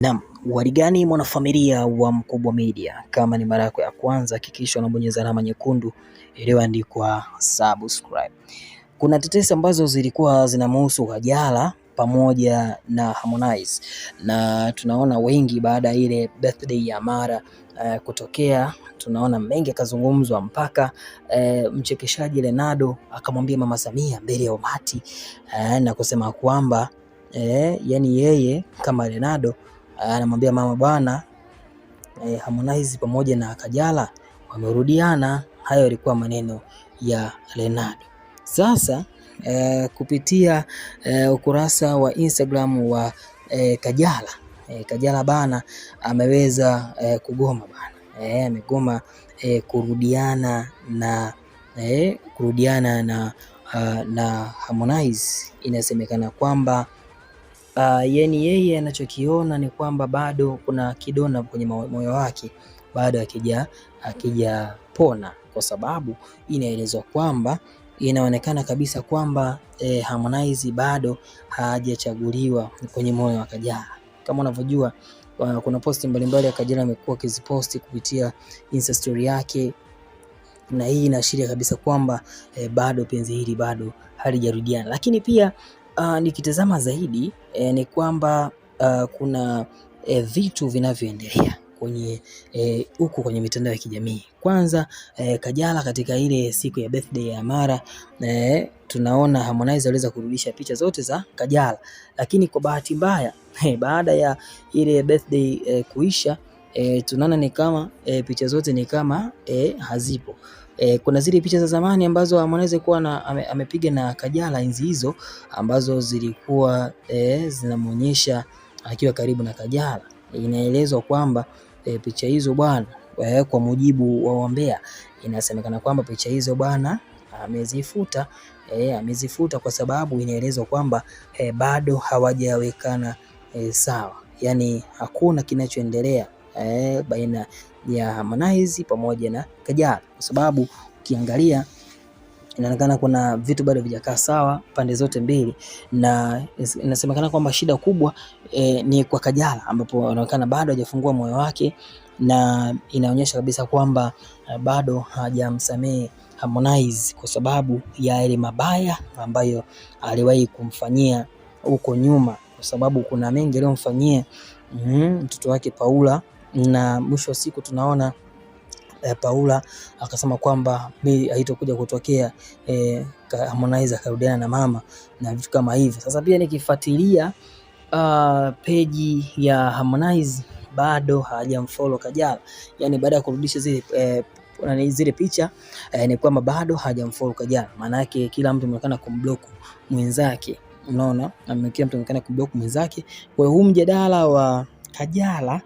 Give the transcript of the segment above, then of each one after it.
Naam, warigani gani mwanafamilia wa Mkubwa Media? Kama ni mara yako ya kwanza hakikisha unabonyeza alama nyekundu iliyoandikwa subscribe. Kuna tetesi ambazo zilikuwa zinamhusu Kajala pamoja na Harmonize, na tunaona wengi baada ya ile birthday ya Mara uh, kutokea tunaona mengi akazungumzwa mpaka e, mchekeshaji Lenado akamwambia Mama Samia mbele ya umati e, na kusema kwamba e, yani yeye kama Lenado Ah, anamwambia mama bwana eh, Harmonize pamoja na Kajala wamerudiana. Hayo yalikuwa maneno ya Leonardo. Sasa eh, kupitia eh, ukurasa wa Instagram wa eh, Kajala eh, Kajala bana ameweza eh, kugoma bana eh, amegoma eh, kurudiana na eh, kurudiana na, uh, na Harmonize. Inasemekana kwamba Uh, yani yeye anachokiona ni kwamba bado kuna kidona kwenye moyo wake bado akija akijapona, kwa sababu inaelezwa kwamba inaonekana kabisa kwamba eh, Harmonize bado hajachaguliwa kwenye moyo wa Kajala. Kama unavyojua ah, kuna posti mbalimbali ya Kajala amekuwa akiziposti kupitia Insta story yake, na hii inaashiria kabisa kwamba eh, bado penzi hili bado halijarudiana, lakini pia Uh, nikitazama zaidi eh, ni kwamba uh, kuna eh, vitu vinavyoendelea kwenye eh, huku eh, kwenye mitandao ya kijamii kwanza, eh, Kajala katika ile siku ya birthday ya Amara eh, tunaona Harmonize aliweza kurudisha picha zote za Kajala, lakini kwa bahati mbaya eh, baada ya ile birthday eh, kuisha eh, tunaona ni kama eh, picha zote ni kama eh, hazipo. E, kuna zile picha za zamani ambazo Harmonize kuwa na ame, amepiga na Kajala enzi hizo ambazo zilikuwa e, eh, zinamuonyesha akiwa karibu na Kajala. E, inaelezwa kwamba e, picha hizo bwana e, kwa mujibu wa wambea inasemekana kwamba picha hizo bwana amezifuta e, amezifuta kwa sababu inaelezwa kwamba e, bado hawajawekana e, sawa, yaani hakuna kinachoendelea eh, baina ya Harmonize pamoja na Kajala, kwa sababu ukiangalia inaonekana kuna vitu bado vijakaa sawa pande zote mbili, na inasemekana kwamba shida kubwa eh, ni kwa Kajala, ambapo anaonekana bado hajafungua moyo wake na inaonyesha kabisa kwamba eh, bado hajamsamehe Harmonize kwa sababu ya yale mabaya ambayo aliwahi kumfanyia huko nyuma, kwa sababu kuna mengi aliyomfanyia mm, mtoto mm, wake Paula na mwisho wa siku tunaona eh, Paula akasema kwamba mimi haitokuja kutokea eh, Harmonize akarudiana na mama na vitu kama hivyo. Sasa pia nikifuatilia uh, peji ya Harmonize bado hajamfollow Kajala, yani baada ya kurudisha zile eh, zile picha eh, ni kwamba bado hajamfollow Kajala. Maana yake kila mtu anaonekana kumblock mwenzake, unaona, na kila mtu anaonekana kumblock mwenzake. Kwa hiyo huu mjadala wa Kajala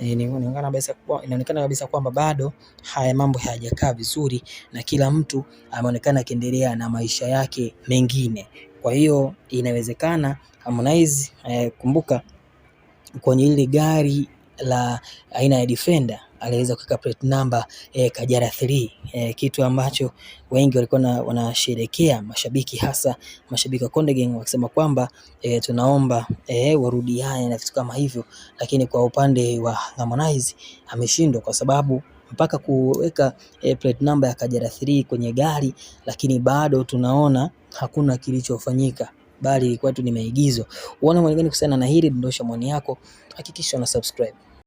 Eh, inaonekana kabisa kwamba bado haya mambo hayajakaa vizuri, na kila mtu ameonekana akiendelea na maisha yake mengine. Kwa hiyo inawezekana Harmonize, eh, kumbuka kwenye ile gari la aina ya Defender aliweza kuweka plate number e, eh, Kajala 3 e, eh, kitu ambacho wengi walikuwa wanasherekea, mashabiki hasa mashabiki wa Konde Gang wakisema kwamba e, tunaomba e, warudiane na vitu kama hivyo, lakini kwa upande wa Harmonize ameshindwa kwa sababu mpaka kuweka e, plate number ya Kajala 3 kwenye gari, lakini bado tunaona hakuna kilichofanyika bali ilikuwa tu ni maigizo. Uone maoni kuhusiana na hili dondosha maoni yako, hakikisha una subscribe.